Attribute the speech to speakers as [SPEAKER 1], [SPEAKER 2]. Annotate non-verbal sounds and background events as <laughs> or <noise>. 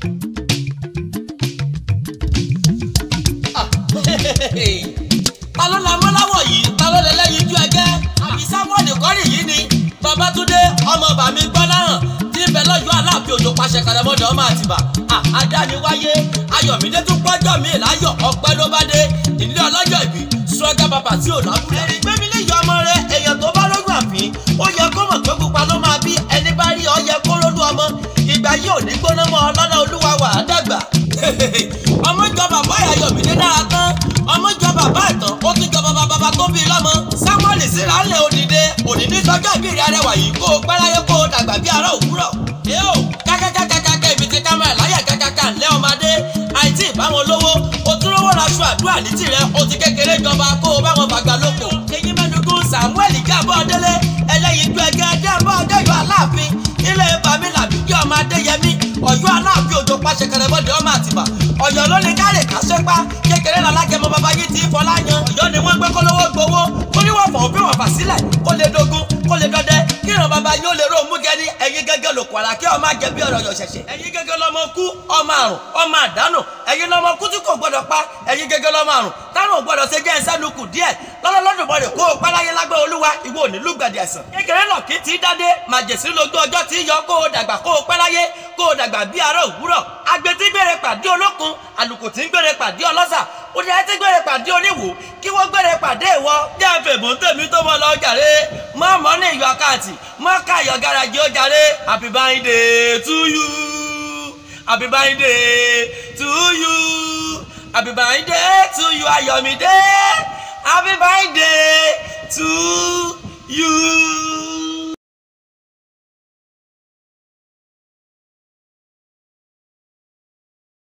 [SPEAKER 1] ta ah. ló la <laughs> mọ́láwọ̀ yìí ta ló lẹ lẹ́yìn ojú ẹgẹ́ àbí sámúọ̀lì kọ́rì yìí ni Babátúndé ọmọ bàmí gbọ́láhàn tí ń bẹ lọ́yọ́ aláàfin òjò pàṣẹ kàdàmọ́dọ̀ ọmọ àtìbà àdániwáyé ayọ̀mídé tún pọ́jọ́ mi láyọ̀ ọpẹ́ ló bá dé ìdílé ọlọ́jọ́ ìbí sọ́jà bàbá tí ò lábúlé. síra ńlẹ̀ òdìdé òní ní sọjọ́ ìbí rẹ̀ arẹwà yìí kó o pẹ́ láyé kó o dàgbà bí ará òwúrọ̀. yóò kákákákákáká ibi tí kámẹ́rà láyà kákáká ńlẹ́ ọmọdé àìtí ìbáwọn lówó o tún lówó raṣọ àdúrà ní tirẹ̀ o ti kékeré jọba kó o báwọn bàgbà lóko. èyí mẹ́dùkún Samuel gábọ̀ délé ẹlẹ́yin ju ẹgẹ́ dẹ́mọ́ ọdẹ́yọ aláàfin ilé bàmí làbí kí ọmọ adéyẹmí ọ̀yọ́ aláàfin òjò pàṣẹ kẹrẹbọ́dẹ ọmọ àtìbà ọ̀yọ́ ló ní kárẹ̀ kásẹ́pá kékeré làlákẹ́mọ bàbá yìí t sílẹ̀ kó lè dogun kó lè dọdẹ kí ìran bàbá yóò lè ró múgẹ ní ẹ̀yin gẹ́gẹ́ lòkù àrà kí ọmọ àjẹ bí ọ̀rọ̀ yọ̀ ṣẹ̀ṣẹ̀. ẹ̀yin gẹ́gẹ́ lọ́mọ kú ọmọ àrùn ọmọ àdánù ẹ̀yin lọ́mọ kú tí kò gbọ́dọ̀ pa ẹ̀yin gẹ́gẹ́ lọ́mọ àrùn táwọn gbọ́dọ̀ ṣe jẹ́ ẹ̀sẹ́nukù díẹ̀ lọ́lọ́lọ́dúnbọ̀dẹ̀ kó o páláyé lágbẹ́ olúwa ìwọ ò ní kékeré lọ kí ti dádé màjèsí lójú ọjọ́ tí yọ kó o dàgbà kó o páláyé kó o dàgbà bí ará òwúrọ̀ agbe tí gbére pàdé olókun àlùkò tí ń gbére pàdé ọlọ́sà òdìyẹ tí gbére pàdé oníwò pàdé ìwọ jẹ́ àfẹ̀bùn tèmi tó mọ́ lọ jàre mọ́ mọ́ ní ìlú akáàtì mọ́ káyọ̀ gáràjì ó jàre happy birthday to you happy birthday to you happy birthday to you ayọ̀mídé happy birthday to you.